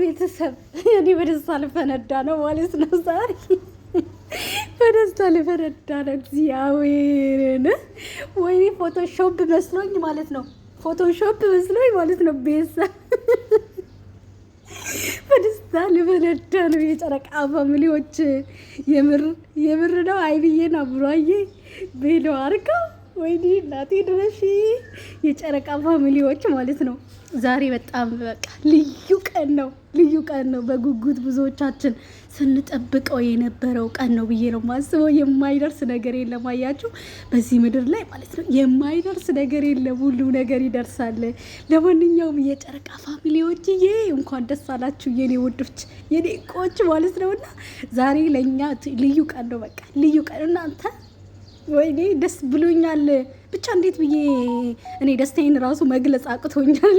ቤተሰብ እኔ በደስታ ልፈነዳ ነው ማለት ነው። ዛሬ በደስታ ልፈነዳ ነው። እግዚአብሔርን ወይኔ ፎቶሾፕ መስሎኝ ማለት ነው። ፎቶሾፕ መስሎኝ ማለት ነው። ቤተሰብ በደስታ ልፈነዳ ነው። የጨረቃ ፋሚሊዎች የምር የምር ነው። አይብዬን አብሯዬ ቤሎ አርጋ ወይኔ እናቴ ድረሺ የጨረቃ ፋሚሊዎች ማለት ነው። ዛሬ በጣም በቃ ልዩ ቀን ነው፣ ልዩ ቀን ነው። በጉጉት ብዙዎቻችን ስንጠብቀው የነበረው ቀን ነው ብዬ ነው ማስበው። የማይደርስ ነገር የለም አያችሁ፣ በዚህ ምድር ላይ ማለት ነው። የማይደርስ ነገር የለም፣ ሁሉ ነገር ይደርሳል። ለማንኛውም የጨረቃ ፋሚሊዎች ዬ እንኳን ደስ አላችሁ የኔ ውዶች፣ የኔ ቆች ማለት ነው። እና ዛሬ ለእኛ ልዩ ቀን ነው፣ በቃ ልዩ ቀን እናንተ ወይኔ ደስ ብሎኛል። ብቻ እንዴት ብዬ እኔ ደስታዬን ራሱ መግለጽ አቅቶኛል።